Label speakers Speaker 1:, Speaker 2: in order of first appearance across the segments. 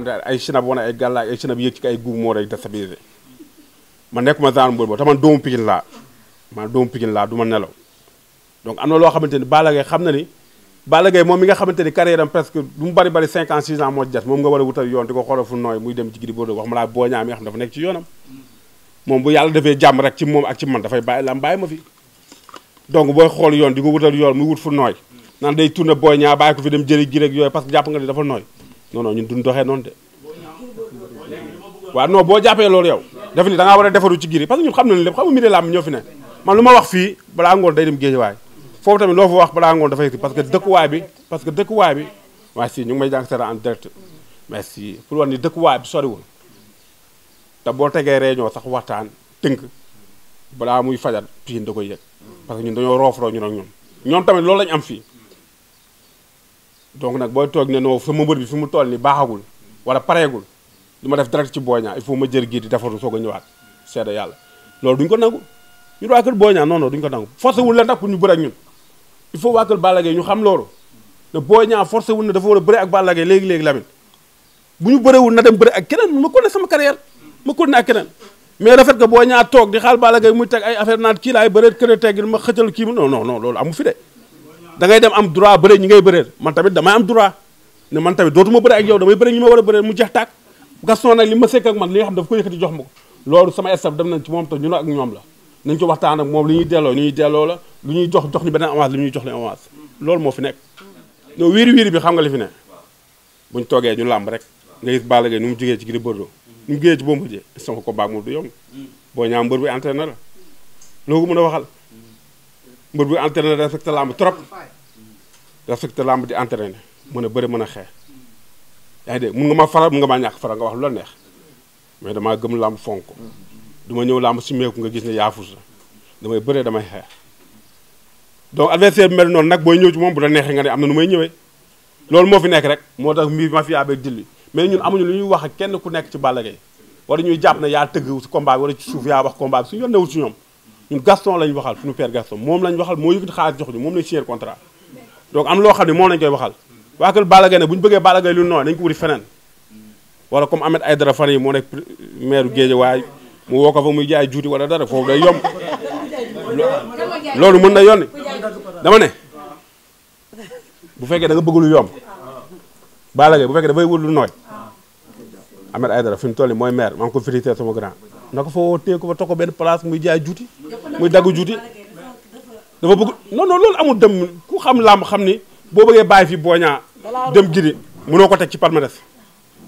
Speaker 1: xam ne ay sinab wane ay gàllaaj ay sinab yéeg ci ay guub moo rek déstabilisé man nekkuma genre mbër boobu te man doomu Pikine laa doomu Pikine laa du ma nelaw donc am na loo xamante ni Balla Gaye xam na ni Balla moom mu nga war a wutal yoon di nekk ci yoonam moom bu yàlla defee jàmm rek ci moom ak ci man dafay bàyyi lam bàyyi ma fi donc booy xool yoon di ko wutal yoon muy wut fu nooy naan day tourné Boy Niang bàyyi ko fi dem jëli gi rek yooyu parce que jàpp nga ni dafa nooy non non ñun duñ doxee noonu de waaw noo boo jàppee loolu yow def ni da war a defaru ci giri parce que ñun xam nañu lépp xam nga mi de làmb ñoo fi ne man lu ma wax fii balaa ngoon day dem géejewaay foofu tamit loo fa wax balaa ngoon dafay parce que dëkkuwaay bi parce que dëkkuwaay bi waaye si ñu ngi may jàng seera en direct merci pour ni dëkkuwaay bi soriwul te boo tegee réunion sax waxtaan dënk balaa muy fajat piin da koy yëg parce que ñun dañoo roof roo ñun ak ñoom ñoom tamit loolu lañ am fii donc nag booy toog ne non fi ma mbër bi fi mu toll ni baaxagul wala pareegul du ma def direct ci Boy Niang il faut ma jër gii di defaru soog a ñëwaat seede yàlla loolu duñ ko nangu ñun waa kër Boy Niang non non ko nangu forcé wul la nag pour ñu bëre ak ñun il faut waa kër Balla Gaye ñu xam loolu ne boo Niang force wul na dafa war a bëre ak Balla Gaye léegi-léegi Lamine bu ñu bërewul na dem bëre ak keneen ma kon ne sama carrière ma kon ne ak keneen mais le fait que Boy Niang toog di xaal Balla Gaye muy teg ay affaire naan kii laay bëre kër a teggin ma loolu amu fi de dangay dem am droit bëre ñi ngay bëreel man tamit damay am droit ne man tamit dootuma bëre ak yow damay bëre ñi ma war a bëreel mu jeex tàkk gaston nag li ma sekk ak man li nga xam daf ko yëkkati jox ma ko loolu sama dem nañ ci moom te ñun ak ñoom la nañ ci waxtaan ak moom li ñuy delloo li ñuy lu ñuy jox jox ñu beneen avance li jox leen avance loolu moo fi nekk no wiiri bi xam nga li fi ne buñ toogee ñu làmb rek nga gis Balla Gaye nu mu jógee ci Gris Bordeaux nu mu jógee ci Bombardier sama ko baag moom du yomb boo ñaam mbër bi entraîneur la loo ko mën a waxal mbër bu entraîné respecté làmb trop respecté làmb di entraîné mën a bëri mën a xeex yaa ngi dégg mun nga ma faral mun nga ma ñàkk faral nga wax lu la neex mais damaa gëm làmb fonk du ma ñëw làmb si meeku nga gis ne yaafus la damay bëree damay xeex donc adversaire bi mel noonu nag booy ñëw ci moom bu la neexee nga ne am na nu may ñëwee loolu moo fi nekk rek moo tax mii mafia beeg dilli mais ñun amuñu lu ñuy wax ak kenn ku nekk ci Balla Gaye wala ñuy jàpp yaa tëgg si combat ci suuf yaa wax combat bi suñu yoon newul ñoom ñun Gaston lañ waxal suñu père Gaston moom lañu waxal moo yëkkati xaalis jox ñu moom lañ signé contrat donc am loo xam ne moom lañ koy waxal waa kër Balla Gaye ne bu ñu bëggee Balla Gaye lu nooy wala comme Ahmed Aïdara fan yi moo nekk maire Guédiawaye mu woo ko fa muy jaay juuti wala dara foofu day loolu mën na yoon dama ne bu fekkee da nga bëgg lu bu fekkee dafay wut lu nooy Ahmed Aïdara fi mu toll nii mooy maire maa ko félicité sama grand na ko fa woo téye ko benn place muy jaay juuti muy dagg juuti dafa bëgg non non loolu amul dem ku xam làmb xam ni boo bëggee bàyyi fi booñaa dem giri mënoo ko teg ci palmarès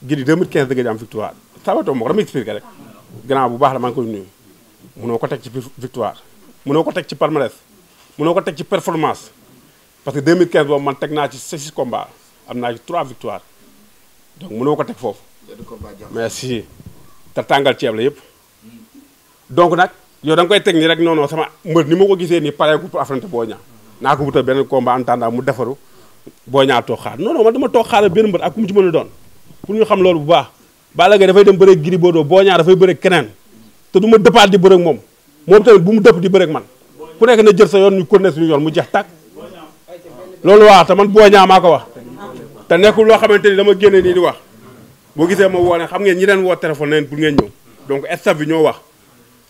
Speaker 1: giri 2015 da nga am victoire sabato moo ko dama expliqué rek grand bu baax la maa koy nuyu mënoo ko teg ci victoire mënoo ko teg ci palmarès mënoo ko teg ci performance parce que 2015 boobu man teg naa ci six combats am naa ci trois victoires donc mënoo ko teg foofu merci te tàngal ceeb la yëpp donc nag yow da nga koy teg nii rek non sama mbër ni ma ko gisee nii pareegu pour affronter boo Niang naa ko wutal benn combat en attendant mu defaru Boy Niang toog xaar non man dama toog xaar benn mbër ak ku mu ci mën a doon pour ñu xam loolu bu baax Balla Gaye dafay dem bëre Gris Bordeaux Boy Niang dafay bëre keneen te du ma dëppaat di bëre moom moom tamit bu mu dëpp di bëre man ku nekk na jël sa yoon ñu connaître yoon mu jeex tàkk loolu waaw te man boo ñaa maa ko wax te nekkul loo xamante ni dama génne nii di wax boo gisee ma woo ne xam ngeen ñi leen woo téléphone leen pour ngeen ñëw donc staff bi ñoo wax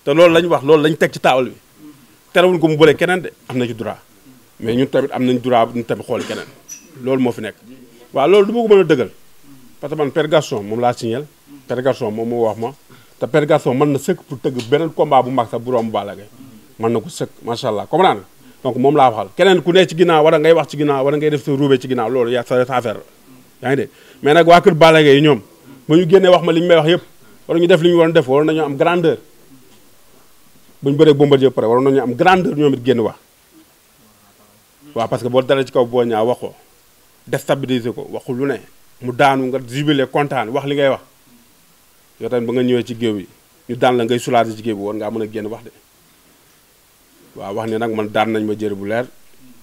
Speaker 1: te loolu lañ wax loolu lañ teg ci taabal bi terewul ko mu bële keneen de am na ci droit mais ñu tamit am nañ droit ñu tamit xool keneen loolu moo fi nekk waaw loolu du ma ko mën a dëggal parce que man Père Gaston moom laa signal Père Gaston moom moo ma te Père Gaston mën na sëkk pour tëgg beneen combat bu mag sax bu romb Balla Gaye mën na ko sëkk macha allah comprendre nga donc moom laa waxal keneen ku ne ci ginnaaw wala ngay wax ci ginnaaw ngay def sa ruube ci ginnaaw loolu yaa sa affaire la yaa ngi dégg ñoom ba ñu génnee wax ma li ñu may wax yëpp wala ñu def li ñu waroon def waroon nañoo am grandeur buñ bëree Bombardier pare waroon nañu am grandeur ñoom it génn wax waaw parce que boo dalee ci kaw boo ñaa wax ko déstabiliser ko waxu lu ne mu daanu nga jubilé kontaan wax li ngay wax yow tamit ba nga ñëwee ci géew yi ñu daan la ngay soulager ci géew bi ngaa mën a génn wax de waaw wax ne nag man daan nañ ma jëri bu leer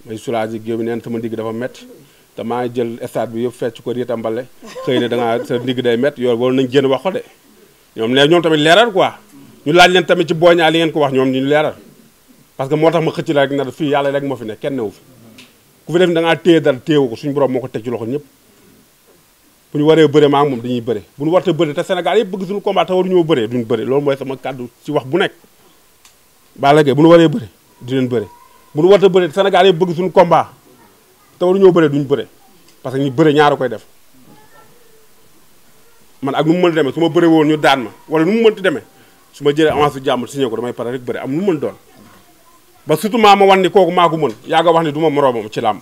Speaker 1: may soulager géew bi neen sama ndigg dafa métti damaa jël stade bi yëpp fecc ko riita mbale xëy na da sa ndigg day métti yow waroon nañ génn wax ko de ñoom ne ñoom tamit leeral quoi ñu laaj leen tamit ci booñaa li ngeen ko wax ñoom ñu leeral parce que moo tax ma xëcc la rek na fii yàlla rek moo fi ne kenn newu fi ku fi def da ngaa téye dara téewu ko suñu borom moo ko teg ci loxo ñëpp bu ñu waree bëre maa ngi moom dañuy bëre bu ñu warte bëre te Sénégal yëpp bëgg suñu combat te waruñoo bëre duñ bëre loolu mooy sama kàddu ci wax bu nekk Balla bu ñu waree bëre di leen bëre bu ñu warte bëre te Sénégal yëpp bëgg suñu combat te waruñoo parce que ñu bëre ñaar koy def man ak nu mu mënti demee su ma bëre woon ñu daan ma wala nu mu mënti demee su ma jëlee avance su jàmm signé ko damay pare rek bëri am nu mën doon ba surtout maa ma wan ni kooku maa ko mën yaaga wax ni du ma moroomam ci làmb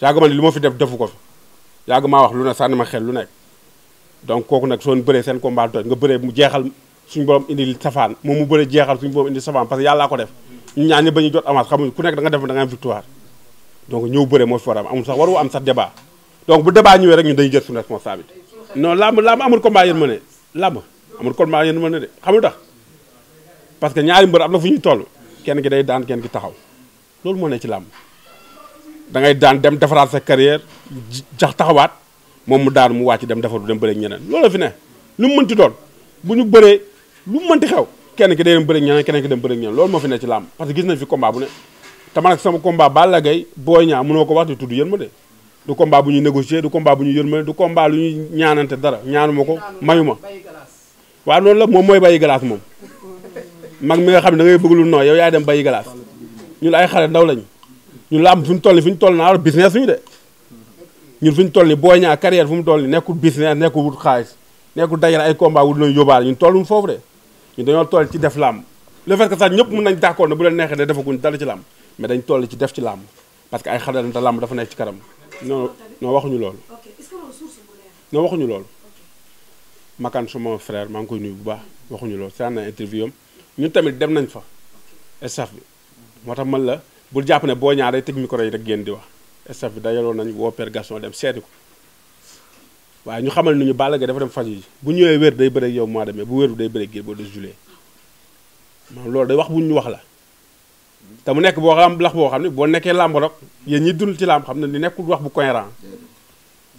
Speaker 1: yaaga ma ni lu ma def defu ko fi yaaga maa wax lu ne sànni ma xel lu nekk donc kooku nag soon bëree seen combat nga bëree mu jeexal suñu borom indi safaan moom mu bëree jeexal suñu borom indi safaan parce que ko def ñu ñaan ñi ba ku nekk da nga def da nga am victoire donc ñëw bëree moo war am amul sax waru am sax débat donc bu débat ñëwee rek ñun dañuy jël suñu responsabilité non làmb làmb amul combat yéen ma ne làmb amul kon maa yéen mën na de xamul da parce que ñaari mbër am na fu ñuy toll kenn ki day daan kenn ki taxaw loolu moo ne ci làmb da ngay daan dem defaraat sa carrière jax taxawaat moom mu daan mu ci dem defaru dem bëre ñeneen loolu fi ne lu mu mënti doon bu ñu bëree lu kenn ki day dem bëre ñeneen ki dem bëre ñeneen fi ne ci làmb parce que gis nañ fi combat bu ne te man ak sama combat Balla Gaye Boy Niang mënoo ko wax di tudd yéen ma de du combat bu ñuy négocier du combat bu ñuy yërmale du combat lu ñuy ñaanante dara ñaanuma ko mayuma waaw loolu la moom mooy bàyyi glace moom mag mi nga xam ne dangay ngay bëgg lu noo yow yaay dem bàyyi glace ñun ay xale ndaw lañu ñun la am fu ñu toll ni fu ñu toll naa business suñu de ñun fu ñu toll ni boo ñaa carrière fu mu toll ni nekkul business nekkul wut xaalis nekkul dajale ay combat wut lañu yóbbaale ñun tolluñ foofu de ñu dañoo toll ci def làmb le fait sax ñëpp mën nañ d'accord ne bu leen neexee de defaguñ dara ci làmb mais dañ toll ci def ci làmb parce que ay xale lañ te làmb dafa nekk ci kanam non non waxuñu loolu non waxuñu loolu Makan suma frère maa ngi koy nuyu bu baax waxuñu loolu seetaan na interview am tamit dem nañ fa staff bi moo tax man la bul jàpp ne boo ñaaree teg micro yi rek génn di wax staff bi dajaloon nañ woo Père Gaston dem seeti ko waaye ñu xamal ni ñu Balla Gaye dafa dem faj bu ñëwee wér day bëre yow mois de mai bu wér day bëre Gris Bordeaux juillet maanaam loolu day wax bu ñu wax la te mu nekk boo xam lax boo xam ne boo nekkee làmb rek yéen ñi dund ci làmb xam ne li nekkul wax bu cohérent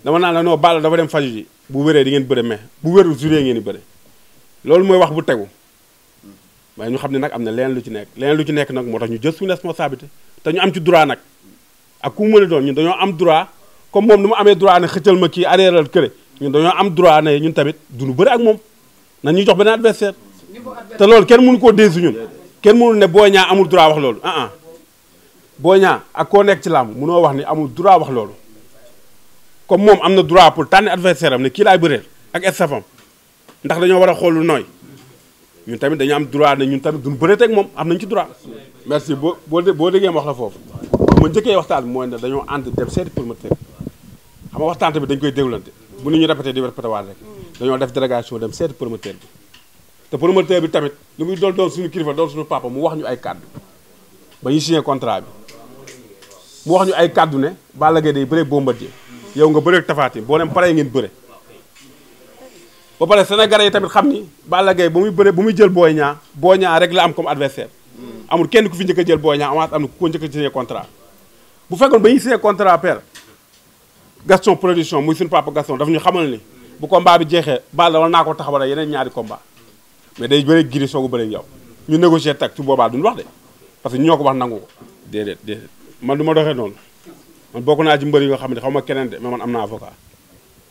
Speaker 1: dama naan la noo Balla dafa dem faju ji bu wéree di ngeen bëre mais bu wérul juré ngeen di bëre loolu mooy wax bu tegu waaye ñu xam ne nag am na leen lu ci nekk leneen lu ci nekk nag moo tax ñu jël suñu responsabilité te ñu am ci droit nag ak ku mu doon ñun dañoo am droit comme moom nu mu amee droit ne xëccal ma kii arrièreal këre ñun dañoo am droit ne ñun tamit duñu bëri ak moom na ñu jox beneen adversaire te loolu kenn mënu koo déesu ñun kenn mënu ne Boy ñaa amul droit wax loolu ah ah Boy ak koo nekk ci làmb mënoo wax ni amul droit wax loolu comme moom am na droit pour tànn adversaire am ne kii laay bëreel ak staffam ndax dañoo war a xool lu nooy ñun tamit dañu am droit ne ñun tamit duñ bëreet teg moom am nañ ci droit. merci boo boo boo déggee wax la foofu ma njëkkee waxtaan bi mooy ne dañoo ànd dem seeti promoteur xam nga waxtaan tamit koy déglante bu ñu répété di répété waat rek dañoo def délégation dem seeti promoteur bi te promoteur bi tamit lu muy doon doon suñu kilifa doon suñu papa mu wax ñu ay kàddu ba ñu signé contrat bi mu wax ay kàddu ne Balla Gaye day bëree Bombardier yow nga bëreeg tafaatin boo dem pare ngeen bëre ba pare sénégalais yi tamit xam ni Balla Gaye bu muy bëre bu muy jël booy Niang Boy Niang rek la am comme adversaire amul kenn ku fi njëkk jël Boy Niang avance am na ku ko njëkk a signé contrat bu fekkoon ba ñuy signé Gaston production muy suñu papa Gaston daf ñu xamal ni bu combat bi jeexee Balla war naa ko taxawal yeneen ñaari combat mais day bëre Gris soogu bëre yow ñu négocier tag ci boobaa duñu wax de parce que ñoo ko wax nangu ko déedéet déedéet man du ma doxee noonu man bokk naa ci mbër yi nga xam ne xaw ma keneen de mais man am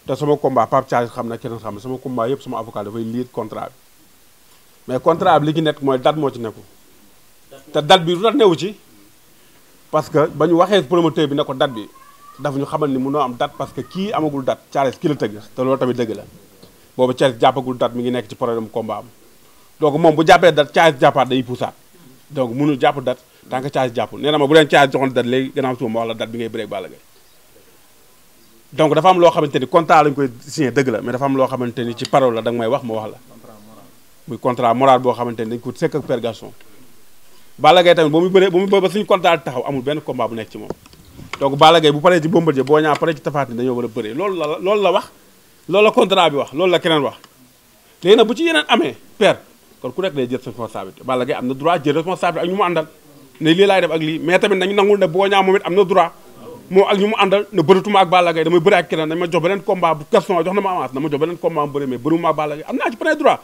Speaker 1: te sama combat Pape Thialis xam na keneen xam ne sama combat yëpp sama avocat dafay lire contrat mais contrat li ci nekk mooy date moo ci nekku te date bi du newu ci parce que ba ñu waxee promoteur bi ne ko date bi daf ñu xamal ni mënoo am date parce que kii amagul date Thialis kii la tëgg te loolu tamit dëgg la boobu Thialis jàppagul date mi ngi nekk ci problème combat am donc moom bu jàppee date Thialis jàppaat day puusaat donc mënu jàpp date tant que caas jàpp nee na ma bu leen caas joxoon dat léegi gannaaw suba wax la dat bi ngay bëreeg Balla donc dafa am loo xamante ni contrat lañ koy signé dëgg la mais dafa am loo xamante ni ci parole la da nga may wax ma wax la muy contrat moral boo xamante ni dañ ko sëkk ak Père Gaston Balla Gaye tamit ba mu bëree ba mu ba taxaw amul benn combat bu nekk ci moom donc Balla bu paree ci Bombardier boo ñaa paree ci Tapha Tine dañoo war a bëree loolu la loolu la wax loolu la contrat bi wax loolu la keneen wax léegi bu ci yeneen amee Père kon ku nekk day jël sa responsabilité Balla Gaye na droit jël ne lii laay def ak lii mais tamit nañu nangul ne Boy Niang moom it am na droit moom ak ñu mu àndal ne ak Balla Gaye damay bëri ak keneen dañ ma beneen combat bu Gaston jox na ma avance na ma jox beneen combat mu bëri mais bëriwuma ak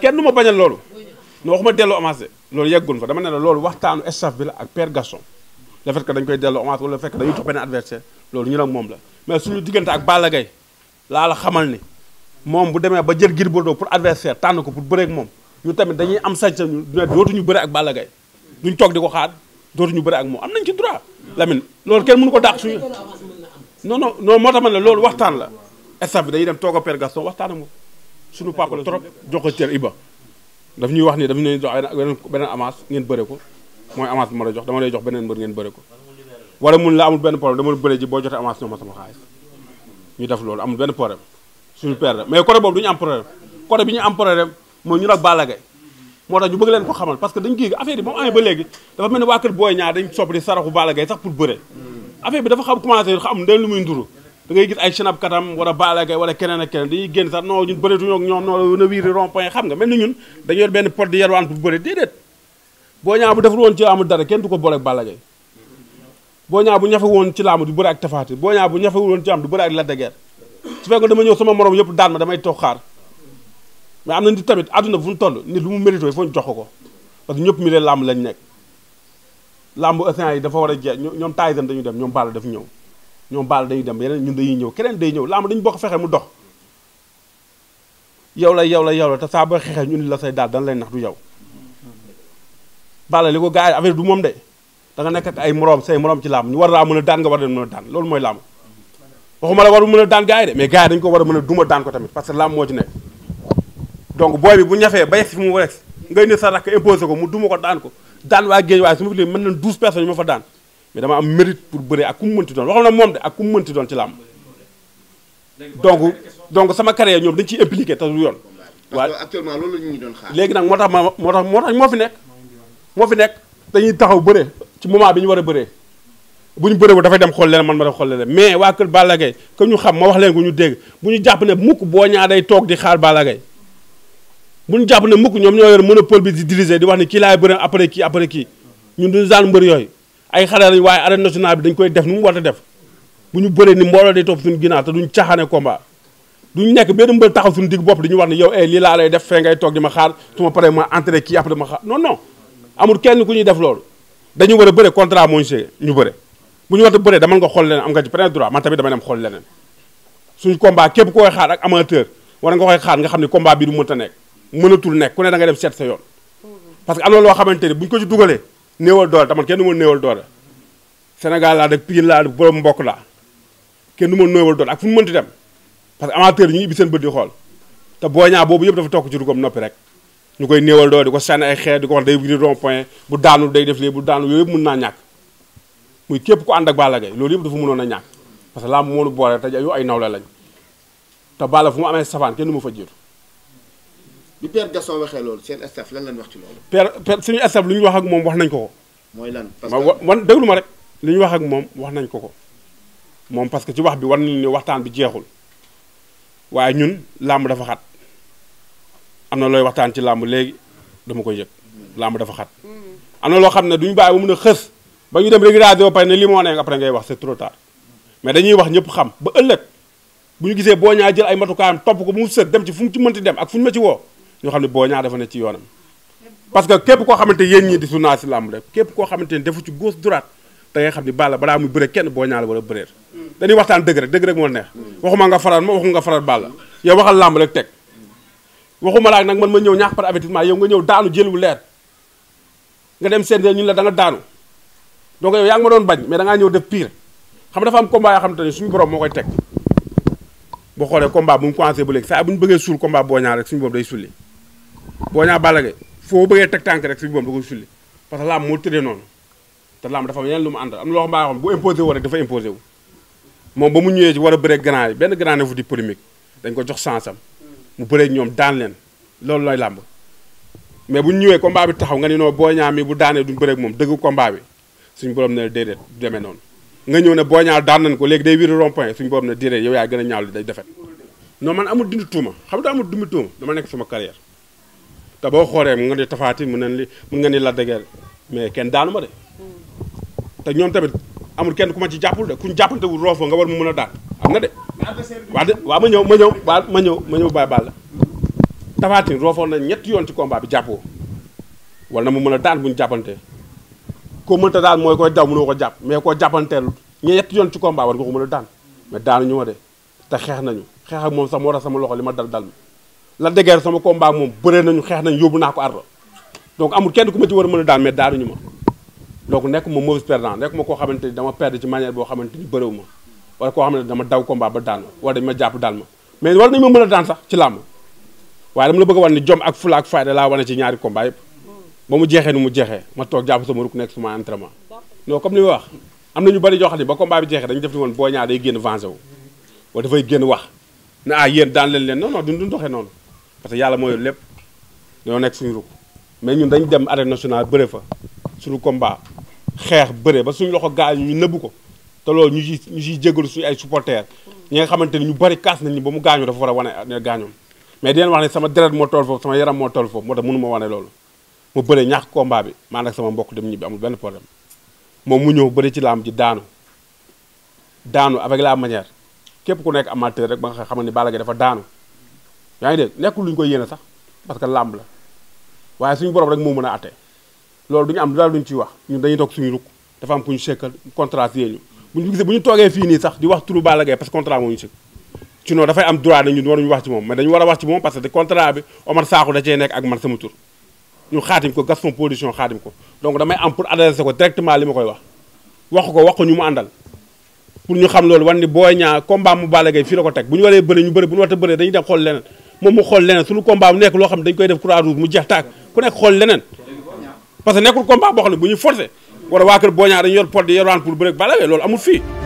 Speaker 1: kenn ma delloo avance loolu yeggul fa dama ne loolu waxtaanu staff bi la ak père Gaston le fait que dañ koy delloo wala le fait que dañuy loolu ñu nag moom la mais suñu diggante ak Balla Gaye xamal ni moom bu demee ba jël Gris Bordeaux pour adversaire tànn ko pour bëreek moom ñu tamit dañuy am sañ-sañu dootuñu bëre ak Balla duñ toog di ko xaar dootuñu bëri ak moom am nañ ci droit Lamine loolu kenn mënu ko dàq suñu non non non moo tax man la loolu waxtaan la instant bi dañuy dem toog a Père Gaston waxtaan ak suñu papa la trop jox ko cër Iba daf ñuy ni daf ñuy jox beneen beneen avance ngeen bëre ko mooy avance la jox dama lay jox beneen mbër ngeen bëre ko wala mun la amul benn problème ma sama xaalis ñu suñu père mais côté boobu du am problème bi ñu am problème mooy ñu nag Balla moo tax ñu bëgg leen ko xamal parce que dañ kii affaire yi moom amee ba léegi dafa mel ne waa kër Boy Niang dañ sopp di saraxu Balla sax pour bëre affaire bi dafa xam commencé xam na wiiri rond point xam nga mel ni ñun dañu yor benn pot di yarwaan pour bëre déedéet Boy Niang bu kenn du ko boole ak Balla Gaye Boy Niang bu ñafe woon ci laamu du bëre ak Tapha Tine Boy Niang bu ñafe woon ci am du bëre ak Lac de Guiers su fekkoon dama ñëw sama morom yëpp daan ma damay toog xaar mais am na nit tamit àdduna fu mu toll nit lu mu mérito foo ñu jox ko parce que ñëpp mi leen làmb lañ nekk làmb océan yi dafa war a jeex ñoom Tyson dañu dem ñoom Balla daf ñëw ñoom Balla dañuy dem yeneen ñun dañuy ñëw keneen day ñëw làmb boo ko fexee mu dox yow la yaw la yow la te saa boo xeexee ñu indi la say daal dana lay nax du yow Balla li ko gars yi affaire du moom de da nekk ak ay moroom say moroom ci làmb ñu war laa mën a daan nga war a loolu mooy làmb waxuma la waru mën a daan gars de mën a daan ko que làmb moo ci donc booy bi bu ñafee ba yegg si fi mu war nga ne sa rakk imposé ko mu duma ko daan ko daan waa géej waaye su ma fi mën nañ douze daan dama am mérite pour bëree ak ku mu mënti doon waxam na moom de ku mu mënti doon ci làmb donc donc sama carrière ñoom dañ ciy impliqué te yoon waaw actuellement loolu la ñu doon léegi nag moo tax ma moo tax moo tax moo fi nekk moo fi nekk dañuy taxaw bëre ci moment bi ñu war a bëree bu ñu bëree bu dafay dem xool leen man ma def xool leen mais waa kër Balla Gaye ñu xam ma wax leen ko ñu dégg bu ñu jàpp ne mukk boo ñaa toog di xaar Balla Gaye bu ñu jàpp ne mukk ñoom ñoo yor monopole bi di diriger di wax ne kii laay bëre après kii après kii ñun duñu daan mbër yooyu ay xale lañ waaye arène nationale bi dañ koy def nu mu war a def bu ñu bëree ni mbooloo day topp suñu ginnaaw te duñ caaxaane combat duñ nekk benn mbër ñu wax ne yow ay eh, lii laa lay def fee ngay toog di ma xaar su ma kenn ku ñuy def loolu dañu war a bëre contrat moo ñu see ñu bëre bu ñu war a nga xool leneen am nga xool leneen suñu combat képp koy xaar ak amateur war nga koy xaar nga xam ne combat bi du mënta nekk mënatul nekk ku ne da nga dem seet sa yoon parce que am na loo xamante ni bu ñu ko ci dugalee néewal doole taman kenn du ma néewal doole Sénégal laa de Pikine laa dëkk borom mbokk laa kenn du ma néewal doole ak fu mu mënti dem parce que amateur yi seen bët di xool te Boy Niang boobu yëpp dafa tokk ci dugam noppi rek ñu koy néewal doole ko sànni ay xeer di ko wax day wiri rond point bu day def lii bu daanu yooyu yëpp mën naa ñàkk muy képp ku ànd ak Balla Gaye loolu yëpp dafa mënoon a ñàkk parce que laa moonu boole te yow ay nawle lañ te Balla fu mu amee safaan kenn du ma fa jiitu bi Père Gaston waxee loolu seen staff lan lañ wax ci loolu. Père Père suñu staff lu ñu wax ak moom wax nañ ko ko. mooy lan parce que man déglu rek li ñu wax ak moom wax nañ ko ko moom parce que ci wax bi war nañu ne waxtaan bi jeexul waaye ñun làmb dafa xat am na looy waxtaan ci làmb léegi dama koy yëg làmb dafa xat. Mm. am na loo xam ne duñu bàyyi ba mun a xës ba ñu dem régulation ba pare ne li moo ne après ngay wax c'est trop tard mais ñëpp xam ba ëllëg bu ñu gisee boo ñaa jël ay matukaayam topp ko bu mu sët dem ci fu mu ci mënti dem ak fu ñu ma ci woo. ñu xam ne Boy Niang dafa ne ci yoonam parce que képp koo xamante yéen ñi di su naa si làmb rek képp koo xamante ne defu ci gauche droite da ngay xam ni Balla balaa muy bëre kenn Boy Niang la war a bëreer dañuy waxtaan dëgg rek dëgg rek moo neex waxuma nga faral ma waxu nga faral Balla yow waxal làmb rek teg waxuma laak nag man ma ñëw ñaax par avertissement yow nga ñëw daanu jël wu leer nga dem seen ñun la da nga daanu donc yaa ngi ma doon bañ mais da ngaa ñëw def pire xam dafa am combat yoo xamante ne suñu borom moo ko teg boo xoolee combat bu mu commencé ba léegi saa bu ñu boo ñaa Balla Gaye foo bëggee teg tànk rek suñu boom da parce que laam moo tëddee noonu te laam dafa lu mu ànd am na loo xam mbaa xam bu dafa imposé wu moom ba mu ñëwee ci war a bëree benn grand ne fu di polémique ko jox sansam mu bëree ñoom daan leen loolu lay làmb mais bu ñu ñëwee combat bi taxaw nga ni non boo ñaa mi bu daanee duñ bëree moom dëgg combat bi suñu borom ne déedéet noonu nga ñëw ne boo ñaaw daan nañ ko léegi day wiri rond point suñu borom ne déedéet yow yaay gën a ñaaw li day defet non man amul dindi tuuma xam nga amul dindi tuuma dama nekk sama carrière te boo xoolee mu nga ni tafaati mu nañ li mun nga ni la dëgër mais kenn daanu ma de te ñoom tamit amul kenn ku ma ci jàppul de kuñ jàppante wu roofoo nga war mu mën a daan am na de waa de ma ñëw ma ñëw waa ma ñëw ma ñëw bàyyi bàll tafaati roofoo na ñetti yoon ci combat bi jàppoo wala mu mën a daan buñ jàppante koo mënta daan mooy koy daw mënoo ko jàpp mais koo jàppanteel ñetti yoon ci combat war nga ko mën a daan mais daanu ñu ma de te xeex nañu xeex ak moom sax war tax sama loxo li ma dal dal la déguèr sama combat moom bëree nañu xeex nañu yóbbu naa ko ardo donc amul kenn ku ma ci war a mën a daan mais ñu ma donc nekk ma mauvais perdant nekk ma koo xamante ni dama perdre ci manière boo xamante ni bëréewu ma wala koo xamante ni dama daw combat ba daan ma wala dañ ma jàpp daan ma mais war nañ ma mën a daan sax ci làmb waaye dama la bëgg a wan ni jom ak fula ak fayda laa wane ci ñaari kombaa yëpp ba mu jeexee ni mu jeexee ma toog jàpp sama ruk nekk suma entraînement non comme li am na bari ñoo xam ne ba combat bi jeexee dañu woon boo ñaar day génn vengé wu wala dafay wax ne ah yéen daan leen leen non non duñ duñ doxee noonu parce que yàlla mooy lépp dañoo nekk suñu rukk mais ñun dañ dem arène nationale bëre fa suñu combat xeex bëre ba suñu loxo gaañu ñu nëbbu ko te loolu ñu ci ñu ciy jégalu suñu ay supporters ñi nga xamante ni ñu bari kaas nañ ni ba mu gaañoo dafa war a wane ne gaañoom mais di wax ne sama deret moo toll foofu sama yaram moo toll foofu moo tax mënu ma wane loolu mu bëre ñaax combat bi maa nag sama mbokk dem ñibbi amul benn problème moom mu ñëw bëri ci laam ji daanu daanu avec la manière képp ku nekk amateur rek ba nga xam ne Balla Gaye dafa daanu yaa ngi dégg nekkul lu ñu koy yéene sax parce que làmb la waaye suñu borom rek moo mën a atte loolu duñu am daal luñ ciy wax ñun dañuy toog suñu rukk dafa am ku ñu sekkal contrat si ñu ñu bu ñu toogee fii nii sax di wax turu Balla Gaye parce que contrat moo ñu sëkk ci noonu dafay am droit dañu waruñu wax ci moom ma dañu war a wax ci moom parce que contrat bi Omar Sakho da cee nekk ak man sama tur ñu xaatim ko Gaston Production xaatim ko donc damay am pour adressé ko directement li ma koy wax wax ko wax ko ñu mu àndal pour ñu xam loolu wan ni Boy Niang a bëri moom mu xool leneen suñu combat bu nekk loo xam ne dañ koy def croix rouge mu jeex taag ku nekk xool leneen parce que nekkul combat boo xam ne bu ñuy forcé wala waa kër Boña pot di yorwaan pour bëre Balla Gaye loolu amul fii